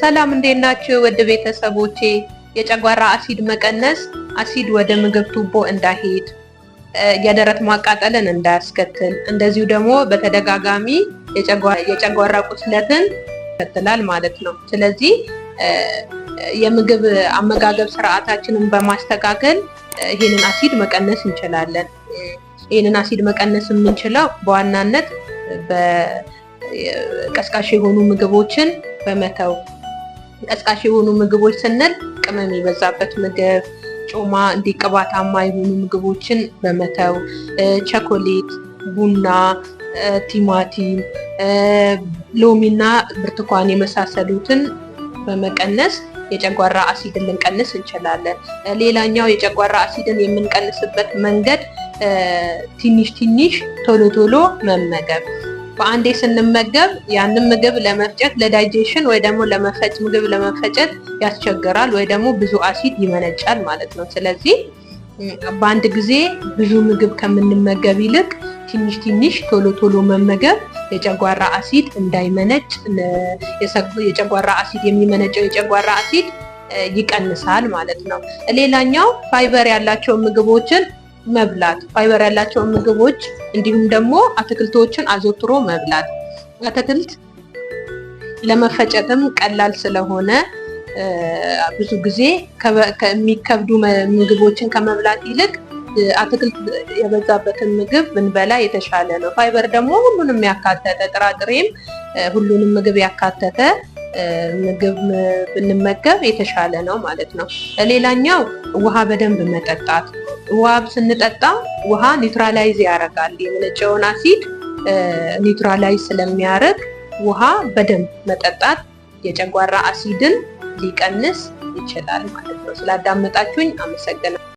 ሰላም እንዴት ናችሁ? ውድ ቤተሰቦቼ የጨጓራ አሲድ መቀነስ አሲድ ወደ ምግብ ቱቦ እንዳይሄድ የደረት ማቃጠልን እንዳያስከትል እንደዚሁ ደግሞ በተደጋጋሚ የጨጓራ ቁስለትን ይከትላል ማለት ነው። ስለዚህ የምግብ አመጋገብ ስርዓታችንን በማስተካከል ይህንን አሲድ መቀነስ እንችላለን። ይህንን አሲድ መቀነስ የምንችለው በዋናነት በቀስቃሽ የሆኑ ምግቦችን በመተው ቀስቃሽ የሆኑ ምግቦች ስንል ቅመም የበዛበት ምግብ፣ ጮማ እንዲህ ቅባታማ የሆኑ ምግቦችን በመተው ቸኮሌት፣ ቡና፣ ቲማቲም፣ ሎሚና ብርቱካን የመሳሰሉትን በመቀነስ የጨጓራ አሲድን ልንቀንስ እንችላለን። ሌላኛው የጨጓራ አሲድን የምንቀንስበት መንገድ ትንሽ ትንሽ ቶሎ ቶሎ መመገብ በአንዴ ስንመገብ ያንን ምግብ ለመፍጨት ለዳይጀሽን ወይ ደግሞ ለመፈጭ ምግብ ለመፈጨት ያስቸግራል ወይ ደግሞ ብዙ አሲድ ይመነጫል ማለት ነው። ስለዚህ በአንድ ጊዜ ብዙ ምግብ ከምንመገብ ይልቅ ትንሽ ትንሽ ቶሎ ቶሎ መመገብ የጨጓራ አሲድ እንዳይመነጭ የጨጓራ አሲድ የሚመነጨው የጨጓራ አሲድ ይቀንሳል ማለት ነው። ሌላኛው ፋይበር ያላቸው ምግቦችን መብላት፣ ፋይበር ያላቸውን ምግቦች እንዲሁም ደግሞ አትክልቶችን አዘውትሮ መብላት። አትክልት ለመፈጨትም ቀላል ስለሆነ ብዙ ጊዜ ከሚከብዱ ምግቦችን ከመብላት ይልቅ አትክልት የበዛበትን ምግብ ብንበላ የተሻለ ነው። ፋይበር ደግሞ ሁሉንም ያካተተ ጥራጥሬም ሁሉንም ምግብ ያካተተ ምግብ ብንመገብ የተሻለ ነው ማለት ነው። ሌላኛው ውሃ በደንብ መጠጣት ውሃ ስንጠጣ ውሃ ኒውትራላይዝ ያደርጋል። የመነጨውን አሲድ ኒውትራላይዝ ስለሚያደርግ ውሃ በደንብ መጠጣት የጨጓራ አሲድን ሊቀንስ ይችላል ማለት ነው። ስላዳመጣችሁኝ አመሰግናለሁ።